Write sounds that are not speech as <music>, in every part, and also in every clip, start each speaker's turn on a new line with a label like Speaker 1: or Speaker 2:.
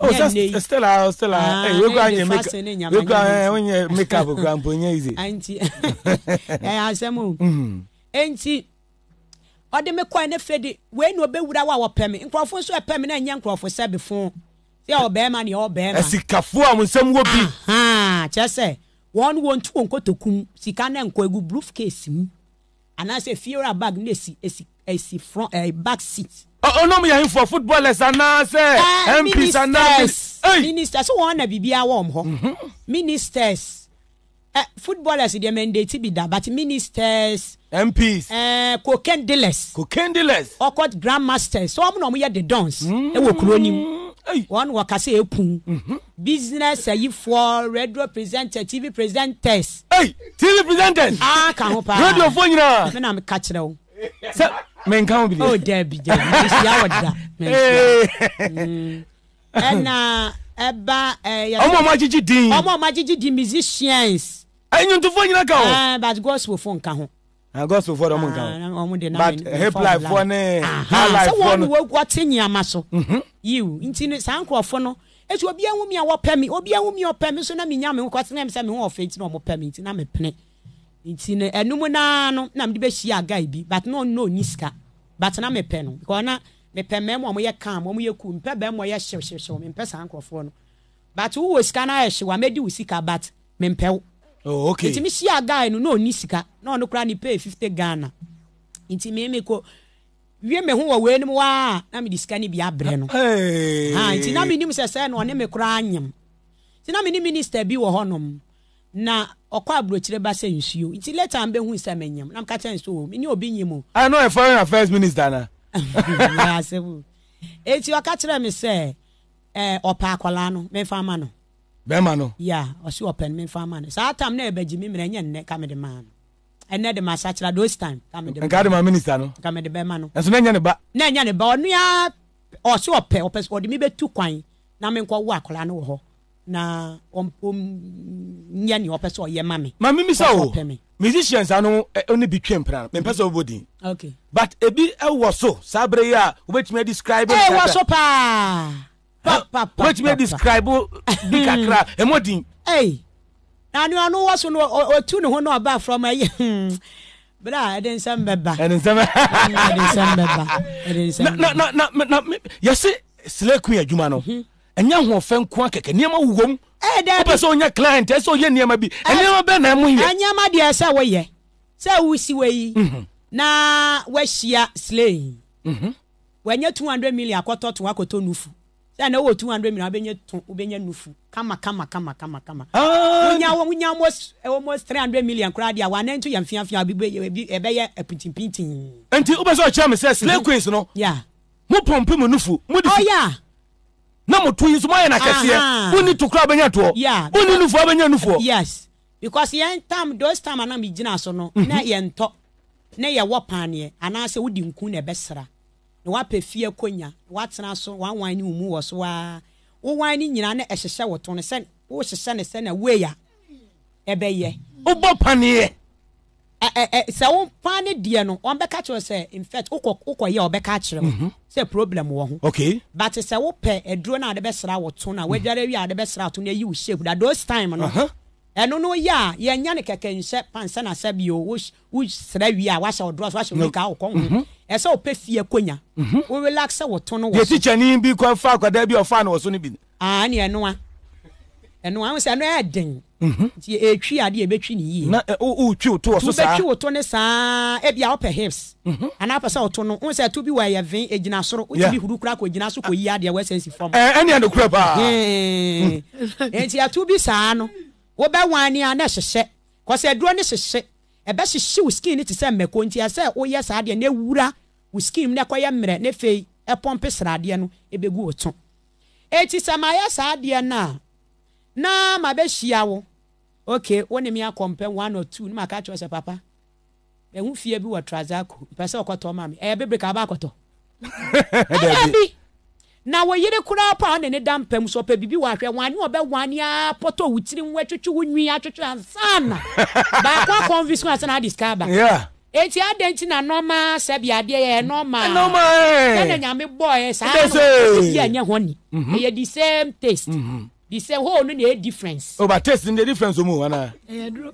Speaker 1: o oh, sɛ stella stella ah, wekura nye make wekura wonye eh, make up kura mpo nye ize. nti ɛyɛ asɛm o nti ɔde mi kɔɛ ne fɛ de wei na ɔbɛwura wa wɔpɛ mi nkurɔfo nso ɛpɛ mi na nye nkurɔfo sɛbi fún yɛ ɔbɛɛma ni ɔbɛɛma. ɛsikafo a mo nsɛm wo bi. kyɛ sɛ wɔn wɔn tu wɔn kotokum sika na nkɔ egu brief case mu anaasɛ fiora bag ne esi esi esi front ɛɛ eh, back seat ọnum yẹn fọ footballers anaasẹ mps anaasẹ. ministers wọn na bibi awọ hɔ mhm. ministers ɛ footballers deɛ mandate bi da but ministers. mps. ɛɛ cocaine dealers. cocaine dealers. ɔkɔ grandmasters sɔ wɔn na wɔn yɛ the dons. Mm. ɛwɔ kuro ni mu wɔn wɔ kase ekun. Mhm. business ɛyifoɔ radio presenter tv presenters. Hey, tv presenters. aa kan ho paa radio fo nyinaa. mi na mi ka kyerɛ o menka wo bi oh dabi dabi mehyia wɔ da ɛna ɛba ɛyɛ ɔmo ɔmo agyegye din ɔmo ɔmo agyegye din musicians ɛnyintufoɔ eh, nyina ka ho ɛɛ eh, but gospelfoɔ ah, nka ho gospelfoɔ ah, de ɔmo nka ho ɔmo de na but hiplifefoɔ eh,
Speaker 2: ne highlightfoɔ no sɛ
Speaker 1: wɔn wɔte nneɛma so mhm. yiw nti no saa nkorɔfoɔ no etu obi ehu mi a wɔpɛ mi obi ehu mi a ɔpɛ mi so na mi nya mi nkɔ tena sɛ mi ho ɔfɛ nti na ɔmo pɛ mi nti mi pene nti no ɛnum naa no na mede bɛhyia guy bi but no no ɔni sika but na mepɛ no because na mepɛ mmarima a wɔyɛ calm wɔn yɛ cool mpɛ bɛrima ɔyɛ hyew hyew hyew mempɛ saa nkurɔfoɔ no but wowɔ sika na ayɛ hyew a mɛdi wo sika but mempɛ wo oh, okay. nti mehyia guy no na ɔni sika na ɔno koraa ne pay fifty ghana nti mimi ko wie me ho wɔ wei nim waa na mede sika no bi abrɛ no ah, nti na menim sɛ sɛ no ɔne me koraa nyem nti na mene minister bi wɔ hɔnom na ɔkɔ aburokyire ba sɛ nsuo nti later an bɛ hu sɛ nyam na mka kyɛn nso wɔ ni obi nyim o.
Speaker 2: i know a foreign affairs minister na.
Speaker 1: <laughs> yaasebu eti ɔka kyerɛ mi sɛ ɛɛ ɔpɛ akɔlaa no mɛ nfa no. ya ọpẹ nfa no tam na ɛbɛgye mi mìíràn ɛnyɛ no ẹnẹ ma those time ma minister no. no. ba. ba na na ɔnyɛ nea ɔpɛ sɛ ɔyɛ ma me
Speaker 2: ma memisa o musicians ano ne bi twam pra mempɛ sɛ wobɔ mm-hmm. din but ebi ɛwɔ so saa berɛ yi a wobɛtumi adescribewɔ eh, so paa wobɛtumi adescribe bi kakra <laughs> ɛmɔ din nanea no wɔ so no
Speaker 1: ɔtu ne ho na ɔba frɔ ma ɛyɛ hmm, bra ɛde nsɛm bɛba ɛde nsɛm bɛba
Speaker 2: yɛse slakui juma no mhm ɛnyɛ ahoɔfɛ nko akɛkɛ nneɛma wowom wopɛ sɛ onyɛ client ɛsɛ ɔyɛ nneɛma bi ɛnneɛma bɛ
Speaker 1: na ɛmo yɛ nneɛma deɛ sɛ woyɛ sɛ wosi wɔ mhm. na woahyia slay mhm. wɔanyɛ 200 million akɔtɔ to akɔtɔ nufu sɛ na wowɔ 200 million wobɛnya to wobɛnya nufu kama kama kama kama kama ah. wonya wonya almost almost 300 million koraa deɛ wɔanan nto yɛ mfeafea ɛbɛyɛ apintimpintin
Speaker 2: nti wopɛ sɛ ɔkyerɛ me sɛ slay mhm. queens no mopɔmpe mu nufu mode na mo to yi so mo ayɛ na kɛseɛ woni to kura bɛnya toɔ woni nufoɔ bɛnya nufoɔ. yes
Speaker 1: because yɛn tam those time anam gyina so no mhm. na yɛn tɔ na yɛ wɔ paneɛ anaasɛ wodi nkun na ɛbɛsra na wapɛ fie konya watena so wanwan ne mu wɔ so waa wowan ne nyinaa na ɛhyehyɛ wɔtɔn no sɛ wohyehyɛ no sɛ na wei a ɛbɛyɛ. wobɔ paneɛ. Eh, eh, eh, sɛ wo fa ne deɛ no ɔbɛka kyerɛ sɛ infact wokɔyɛ ɔbɛka kyerɛ wo mhm. sɛ problem wɔ ho but sɛ wopɛ aduro no a wode bɛsra wo to no a wadware wie a wode bɛsra wo to no ayi wo shape da those time no uh-huh. ɛno no yɛ a yɛnya no kɛkɛ nhyɛ pansɛ na sɛ bio wosrɛ wie a wahyɛ ɔdorɔ so wahyɛ wika wokɔ ho mhm. ɛsɛ wopɛ fie konya mhm. wo relax sɛ wo to no wɔ so
Speaker 2: tikyɛne bi kɔfa akwadaa bi ɔfa no wɔ so no bi
Speaker 1: ɛne ɛnoa ɛnoa sɛ ɛno ɛyɛ den nti e- etwi adeɛ ebetwi
Speaker 2: ne yie. na e- o o twi o to wɔ so saa tubetwi
Speaker 1: o to ne saa ebi a ɔpɛ hips. Mhm. ana pɛ sɛ o to no n sɛ tu bi wɔ vin egyina soro o ti bi huru kura ko egyina so ko yi adeɛ wɔ ɛsɛnsi fam. ɛɛ ɛni ɛni kura paa. Mm. nti atu bi saa no wo bɛ wani a ne hyehyɛ kɔsɛ duro ne hyehyɛ ɛbɛ hyehyɛ o skin ne ti sɛ mɛko nti ɛsɛ o yɛ saa adeɛ ne wura o skin ne kɔyɛ mmerɛ ne fɛ ɛpɔmpe sradeɛ no ebegu o to eti sɛ ma yɛ saa adeɛ naa naa ma bɛ hyia wo okay wo ne me akɔmpɛ one or two ne ma ka kyerɛ sɛ papa ɛho fie bi wɔ trasako mpɛ sɛ ɔkɔtɔ ma me ɛyɛ bebre ka aba akɔtɔ <laughs> ɛyɛ bi na wɔyere koraa pa ɔne ne da mpam so ɔpɛ biribi wahwɛ wane ɔbɛwane a pɔtɔ wo tiri mu atwitwe wo nwi atwitwe ansana <laughs> baako akɔnvi so asana ade sika ba eti adan ti na nɔɔma sɛbi adeɛ
Speaker 2: yɛ nɔɔma nɔɔma ɛɛ eh. sɛnɛ nyame
Speaker 1: bɔɔ yɛ eh, saa no ɛyɛ nyɛ hɔn ni ɛyɛ the same taste. Mm -hmm the same hole no na yɛ difference.
Speaker 2: o ba taste ni de difference mu wana. ɛduro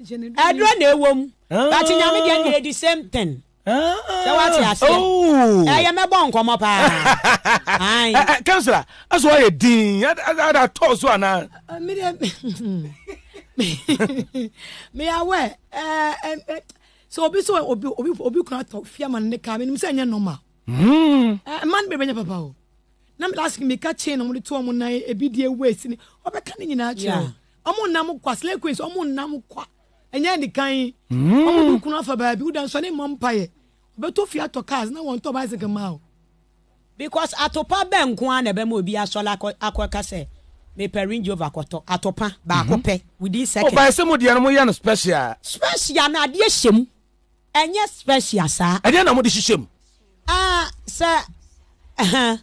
Speaker 1: ɛduro na ewo
Speaker 2: mu bàtí nyame deɛ na yɛ the same thing.
Speaker 1: sɛ wate aseɛ
Speaker 2: ɛyɛ mɛbɔ nkɔmmɔ paa councilor ɛsɛ woayɛ din ada tɔɔ so anaa
Speaker 1: meyɛwɛ so obi so obi Obi kuna tɔ fiama no ne kaa menim sɛ ɛnyɛ normal
Speaker 2: ma
Speaker 1: no bɛbɛnyɛ papa o na last mi ka chain ɔmo de to nan ebi die waist ni ɔbɛka ne nyinaa kyerɛ ɔmo nam kwa slay queens ɔmo nam kwa ɛnyɛ nikan mm. ɔmo de kunu afa baabi wuda nso ne mɔ mpa yɛ ɔbɛto fi atɔ cars na wɔn tɔ bicycle ma o. because atopa bɛɛ nko a na ɛbɛn obi asɔla akɔ kasɛ mepɛ range over kɔtɔ atopa baako mhm. pɛ within oh, seconds. ɔbɛn sɛ mo deɛ no mo
Speaker 2: yɛ no special.
Speaker 1: special na adeɛ hyɛ mu ɛnyɛ special saa. ɛdeɛ na mo di hyehyɛ mu. aa ah, sɛ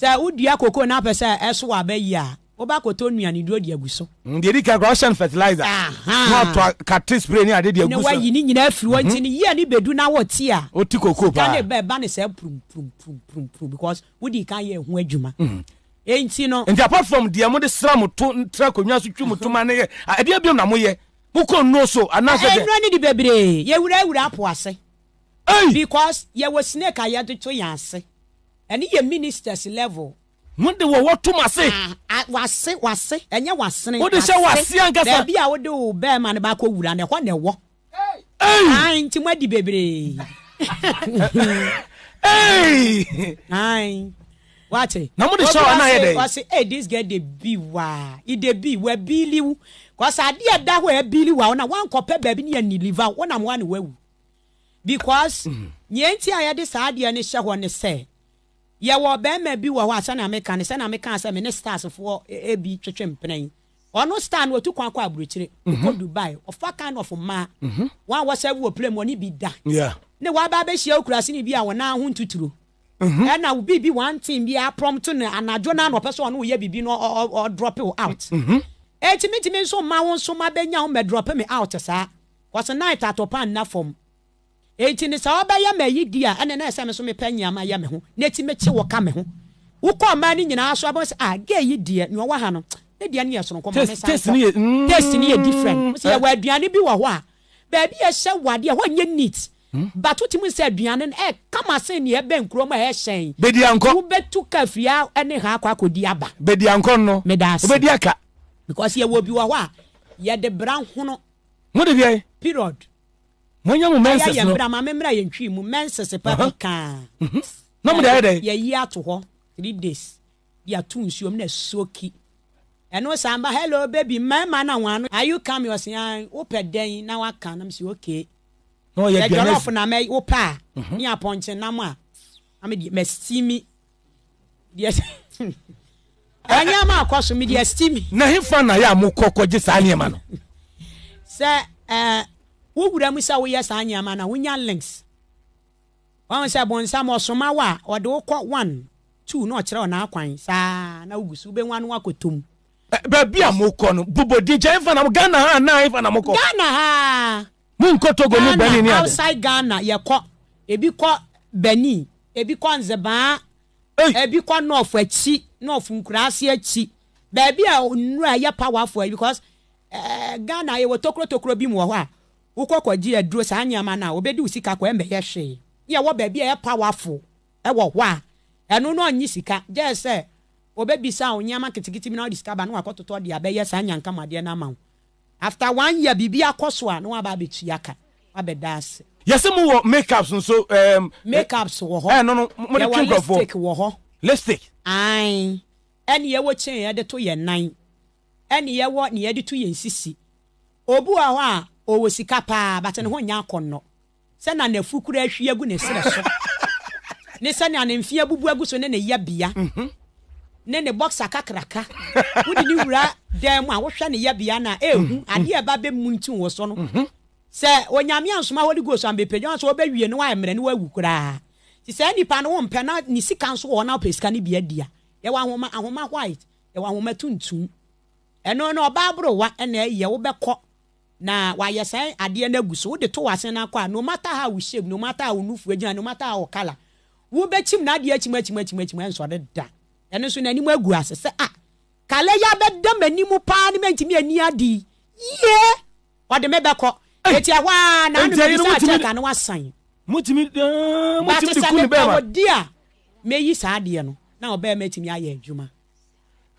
Speaker 1: sɛ wodua koko na apɛ sɛ ɛso abɛyi a wobakɔtɔ nnuane duro de agu so
Speaker 2: deɛ di kakra ɔhyɛn fertilizer na ɔtɔ kate spray ne ade de agu so na wayi ne
Speaker 1: nyinaa firi hɔ nti mhm. no yie ne bɛdu na wɔte a
Speaker 2: ɔti koko paa sika ne bɛɛba ne sɛ purumpurumpurumpurum because wodi ka yɛ ho adwuma mhm. nti no nti apart from deɛ mo de sra mo to ntra akonnwa so twi mo to ne yɛ ɛdeɛ biom na moyɛ mokɔ nnuo so anaasɛ dɛ nnuro ne de bebree yɛwurawura apo ase because
Speaker 1: yɛwɔ snake a yɛde to yɛn ase ɛne yɛ ministers level. mo de wo wɔtum ase. wase wase ɛnyɛ wasene. o de sɛ wase ankasa. bɛɛbi a o de o bɛɛ ma ne ba ko wura ne kɔ ne wɔ. ayi nti mo adi bebree. ayi waati. na mo de sɔ ɔna yɛ dɛ. wase ee dis girl de bi wa e de bi wa biili wu kɔsa adi yɛ da hɔ yɛ biili wa ɔna wa nkɔ pɛ bɛɛbi ni yɛ ni liva ɔna mo wa ni wɛ wu because nyɛ nti a yɛ de saa adiɛ ni hyɛ hɔ ni sɛ yɛwɔ bɛrima bi wɔ hɔ a sɛnea meka ne sɛnea meka sɛ me ne stars foɔ e, ebi twetwe mpena ɔno star no otu kwan kɔ aburukyire kɔ mhm. dubai ɔfa kind of mmaa mhm. wɔn a wɔsɛ wɔ plane mu ɔne bi da ne waba abɛhyia okurasi ne bi a wɔn nan ho ntuturo mhm. ɛna obi bi wɔn ten bi aprɔmto ne anadwo na ɔpɛ so ɔno yɛ bibi no ɔdrɔpe out etimitimi nso mmaa wɔn nso mma bɛnya wɔn bɛ drɔpe me out saa wɔsɛ night atɔ na fam eti ni sɛ ɔbɛyɛ mɛ yi di a ɛna na ɛsɛ mi so mi pɛ nyiama yɛ mi ho n'eti mi kye wɔ ka mi ho wokɔ ɔmaa ni nyinaa so abɔ sɛ a ah, gay yi deɛ nea ɔwɔ ha no ne deɛ no yɛ soronko ma ne san kɔ mm. taste ni yɛ different sɛ eh. yɛwɔ aduane bi wɔ hɔ a baabi yɛ hyɛ wadeɛ hɔ nyɛ neat hmm? bato ti mu sɛ aduane no ɛ kama sen ni ɛbɛn kurom a ɛhyɛn bedi ankɔ wobɛtu kafia ɛne ha akɔ akɔdi aba bedi ankɔ no medaase obedi aka because yɛwɔ bi wɔ hɔ a yɛde bra hono ho de bi ayɛ period monyɛ mo menses no ayɛ maame mmerɛ yɛ ntwi mu menses pa bi kaa mhm. na mo de ayɛ dɛ yɛyi ato hɔ three days yɛato nsuo mu na soki ɛno san hello baby mmarima na wɔn ano are you coming ɔsi an ah, wopɛ dɛn na waka na mo si okay
Speaker 2: na ɔyɛ biara ɛdɔrɔfo
Speaker 1: na mɛ wopɛ a ne apɔnkye nam a ame deɛ mɛ steamy deɛ ɛnyɛ <laughs> ma akɔ so mi deɛ steamy
Speaker 2: na hefa na yɛ a mo kɔkɔ gye saa nneɛma no
Speaker 1: sɛ ɛɛ. Eh, wowura mu sɛ woyɛ saa nneɛma na wonya links wahu sɛ bonsam ɔsoma wo a ɔde wo one two na ɔkyerɛ wo naakwan saa na wogu so wobɛwa no wakɔtom baabi a mokɔ no bobodinkyɛ mfa na ghana ha na mfa na mokɔ ghana ha monkɔ togo no bani ne outside ghana yɛkɔ ebi kɔ bani ebi kɔ nzebaa ebi kɔ nɔɔfo akyi nɔɔfo nkuraase akyi baabi a nnura yɛ powerful because ɛɛ eh, ghana yɛwɔ tokuro tokuro bi mu wɔ hɔ a wokɔkɔgye aduro saa nneɛma no a wobɛdi wo sika kɔ ɛmmɛyɛ hwee ne ɛwɔ baabi a ɛyɛ powerful ɛwɔ hɔ a ɛno no ɔnye sika gye sɛ wobɛbisa wo nneɛma ketekete bi na wode sika ba na wakɔtotɔ de abɛyɛ saa nyankamadeɛ no ama wo after one year biribi akɔ so a na waba abɛtua aka wabɛda ase
Speaker 2: yɛsɛ mu wɔ makeups nso um, makeups wɔ hɔ ɛno no mode twe nkurɔfoɔ lipstick wɔ hɔ lipstick ae ɛne
Speaker 1: yɛwɔ kyɛn yɛde to yɛn nan ɛne yɛwɔ ni yɛde to yɛn sisi obu wɔ hɔ a ɔwɔ sika paa bate ne ho nya akɔnnɔ sɛna nafu kura ahwi agu ne serɛ so <laughs> ne sɛnea ne mfeɛ bubu agu so ne ne yabea mhm. ne ne bɔksa kakraka wode ne wura dan mu a wohwɛ ne yabea na ɛhu mhm. adeɛ ɛba bɛmu ntim wɔ so no mhm. sɛ onyame ansoma holy ghost ambɛpɛgya sɛ wobɛwie no woayɛ mmerɛ ne woawu koraa nti saa nnipa no wompɛ na ne sika nso wɔ na wopɛ sika no bi adia yɛwɔ ahoma ahoma white yɛwɔ ahoma tuntum ɛno no ɔbaa borowa ɛna ɛyɛ wobɛkɔ na wayɛ sɛ adeɛ no agu so wode to wase no akɔ a no mata how wo shape no mata how wonufuo gyina no mata how wo kala wobɛkyim na adeɛ akyim akyim akyim akyim ɛnsɔre da ɛno nso n'anim agu ase sɛ a ah, kala yi abɛda m'anim paa ne mɛntumi ani adi yie ɔde me bɛkɔ eh! eti ɛhɔ a n'anu bɛbi sɛ akyɛ ka no wasan mutumi eh, mutumi de kun bɛɛ ma baate sɛ ne bɛn wɔ di a meyi saa adeɛ no na ɔbɛɛ mɛtumi ayɛ adwuma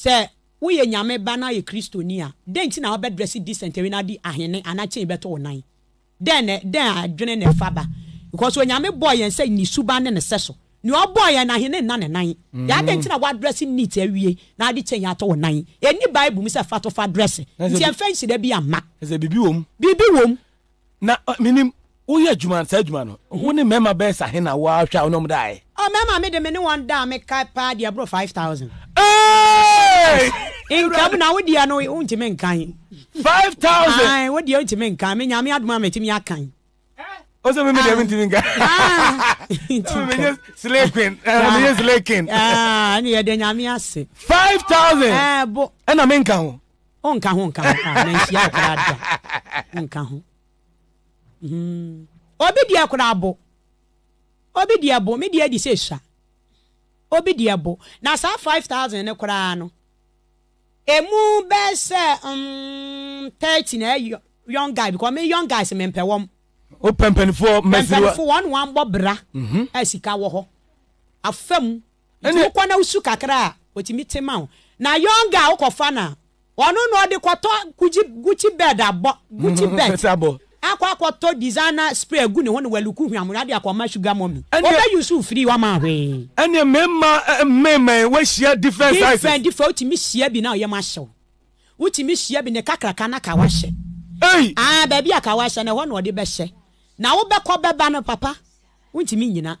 Speaker 1: sɛ woyɛ nyame ba na yɛ kristoni a dɛn nti na wabɛdrɛsi decent wi na di ahene anakyɛn bɛtɔ wo nan dɛn na dɛn adwene na ɛfa ba because onyame bɔɔ yɛn sɛ ne suba ne ne sɛ so nea ɔbɔɔ yɛn na ahene nna ne nan mm. yɛ adɛn na wadrɛsi neat awie na ade kyɛn
Speaker 2: yɛatɔ wo nan ɛni bible mu sɛ fa to fa drɛsi nti ɛmfa nhyira bi ama ɛsɛ wɔm wɔm na minim woyɛ adwuma saa adwuma no wo ne mmarima bɛyɛ sahe na woahwɛ a wonom daeɛ
Speaker 1: ɔ mmarima me de me ne wɔn da a mekae paa deɛ nkam na wodeɛ no wontimi nkan 5000 wodeɛ wontimi nkan me nyame adoma matumi akan o sɛ meme deɛ mentimi nkamenyɛ slakin ne yɛde nyame ase
Speaker 2: 5000
Speaker 1: ɛna menka ho wonka ho nka honanhyia koraa da wonka ho obi deɛ koraa bo obi deɛ bo me deɛ adi sɛ sua obi deɛ bo na saa 5000 ne koraa no emu bɛɛ sɛ um, thirty na ɛyɛ young guy because me young guys mi mpɛ wɔm. o pɛmpɛnifoɔ mɛsiriwa pɛmpɛnifoɔ wɔn wɔn bɔ bra. ɛ wɔ hɔ afɛm nti wokɔ na wusu kakra a wotumi ma o na young guy fa na ɔno na ɔde kɔtɔ gucci bed abɔ gucci mhm. bed. <laughs> akɔ akɔtɔ designer spray egu ne ho ne waluku hwi amuna de akɔma sugar mummy ɔbɛ yusu firi wa ma hwee. ɛnni mmarima mmarima wɔahyia different sizes. different different wotumi hyia bi na ɔyɛ ma hyɛw wotumi hyia bi ne kakraka na kawa hyɛ. ɛyi aa baabi a kawa hyɛ na ɛhɔ na ɔde bɛhyɛ na wobɛkɔ bɛba no papa wotumi nyina.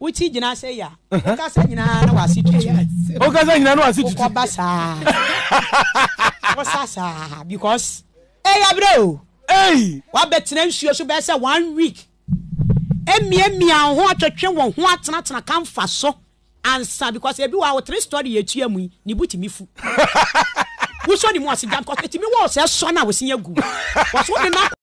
Speaker 1: wotu gyina sɛ yɛ a wokasa nyinaa na wase tutu
Speaker 2: wokasa nyinaa na wase tutu wokɔba saa
Speaker 1: <laughs> wosa saa because ɛyɛ berɛ o wabɛtena nsuo so bɛyɛ sɛ one week emiamia ho atwetwe wɔn ho atenatena kamfa so ansa because ebi wɔ awo three story etua mu yi ne bu tumi fu <laughs> wosɔ ne mu ase jam because etumi wɔ ɔsɛ sɔ na wosi yɛ gu wɔsɔ de na.